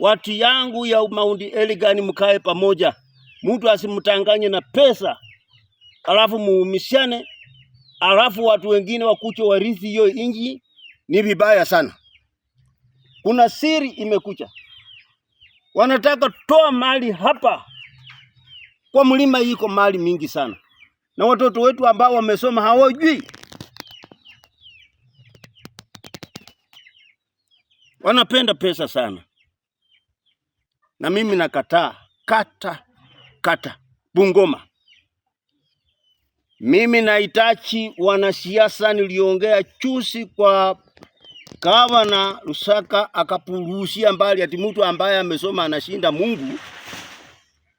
watu yangu ya Mount Elgon, mkae pamoja, mtu asimtanganye na pesa, alafu muumishane, alafu watu wengine wakuche warithi hiyo inji. Ni vibaya sana. Kuna siri imekucha, wanataka toa mali hapa kwa mlima. Iko mali mingi sana, na watoto wetu ambao wamesoma hawajui wanapenda pesa sana na mimi nakataa kata kata Bungoma. Mimi nahitaji wanasiasa, niliongea chusi kwa gavana Lusaka akapuruhusia mbali ati mtu ambaye amesoma anashinda Mungu.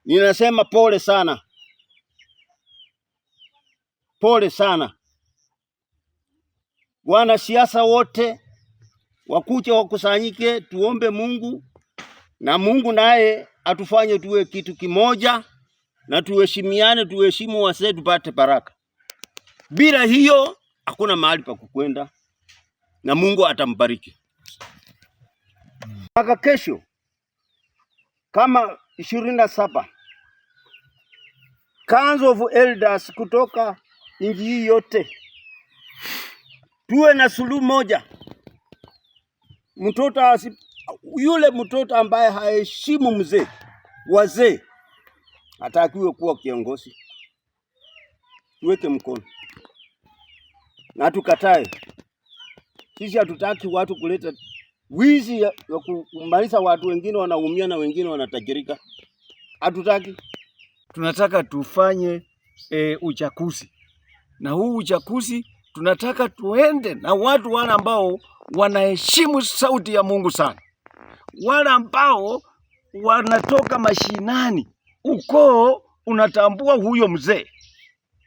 Ninasema pole sana, pole sana. Wanasiasa wote wakuja wakusanyike, tuombe Mungu na Mungu naye atufanye tuwe kitu kimoja na tuheshimiane, tuheshimu wazee, tupate baraka. Bila hiyo hakuna mahali pa kukwenda, na Mungu atambariki mpaka kesho kama ishirini na saba Council of Elders kutoka nchi hii yote tuwe na suluhu moja, mtoto asi yule mtoto ambaye haheshimu mzee, wazee, hatakiwe kuwa kiongozi. Tuweke mkono na tukatae. Sisi hatutaki watu kuleta wizi ya kumaliza watu, wengine wanaumia na wengine wanatajirika. Hatutaki, tunataka tufanye e, uchaguzi, na huu uchaguzi tunataka tuende na watu wale ambao wanaheshimu sauti ya Mungu sana wale ambao wanatoka mashinani, ukoo unatambua huyo mzee,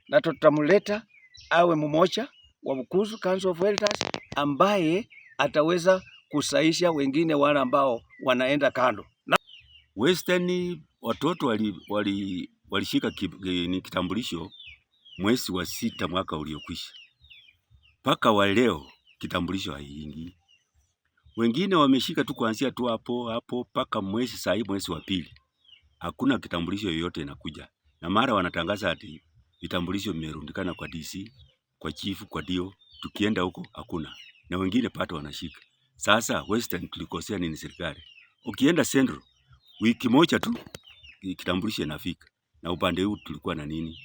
na tutamleta awe mmoja wa Bukusu Council of Elders ambaye ataweza kusaisha wengine wale ambao wanaenda kando na... Western watoto walishika wali, wali kitambulisho mwezi wa sita mwaka uliokwisha, mpaka wa leo kitambulisho haiingi wengine wameshika tu kuanzia tu hapo hapo mpaka mwezi saa hii, mwezi wa pili, hakuna kitambulisho yoyote inakuja, na mara wanatangaza ati vitambulisho vimerundikana kwa DC, kwa chifu, kwa dio. Tukienda huko hakuna, na wengine pato wanashika. Sasa Western tulikosea nini serikali? Ukienda Central wiki moja tu kitambulisho inafika, na upande huu tulikuwa na nini?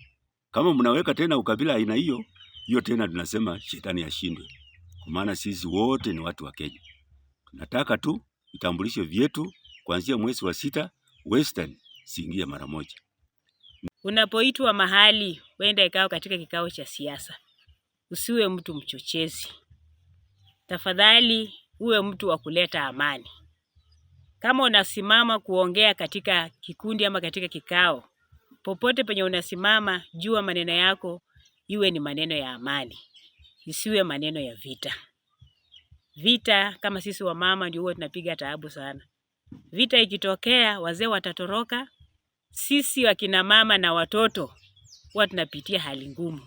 Kama mnaweka tena ukabila aina hiyo hiyo, tena tunasema shetani ashindwe, kwa maana sisi wote ni watu wa Kenya. Nataka tu vitambulisho vyetu kuanzia mwezi wa sita, Western siingie mara moja. Unapoitwa mahali wenda ikao katika kikao cha siasa, usiwe mtu mchochezi. Tafadhali uwe mtu wa kuleta amani. Kama unasimama kuongea katika kikundi ama katika kikao popote penye unasimama, jua maneno yako iwe ni maneno ya amani, isiwe maneno ya vita. Vita kama sisi wa mama ndio huwa tunapiga taabu sana. Vita ikitokea, wazee watatoroka, sisi wakina mama na watoto huwa tunapitia hali ngumu.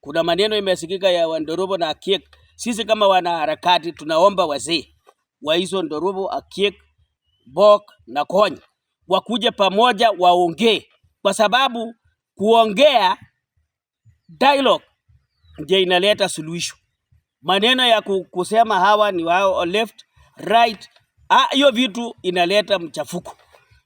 Kuna maneno imesikika ya Wandorobo na Akiek. Sisi kama wanaharakati tunaomba wazee wa hizo Ndorobo, Akiek, Bok na Kony wakuja pamoja waongee, kwa sababu kuongea dialogue ndio inaleta suluhisho maneno ya kusema hawa ni wao left right, ah, hiyo vitu inaleta mchafuko,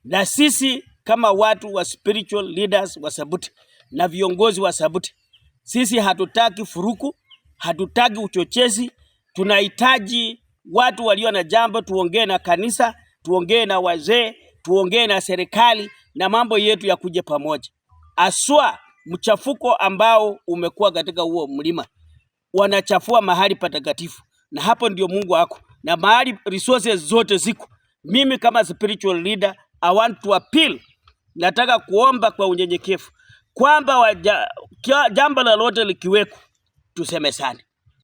na sisi kama watu wa spiritual leaders wa Sabuti na viongozi wa Sabuti, sisi hatutaki furuku, hatutaki uchochezi. Tunahitaji watu walio na jambo, tuongee na kanisa, tuongee na wazee, tuongee na serikali na mambo yetu ya kuja pamoja, aswa mchafuko ambao umekuwa katika huo mlima wanachafua mahali patakatifu, na hapo ndio Mungu wako na mahali resources zote ziko. Mimi kama spiritual leader I want to appeal, nataka kuomba kwa unyenyekevu kwamba jambo lolote likiweko, tuseme sana.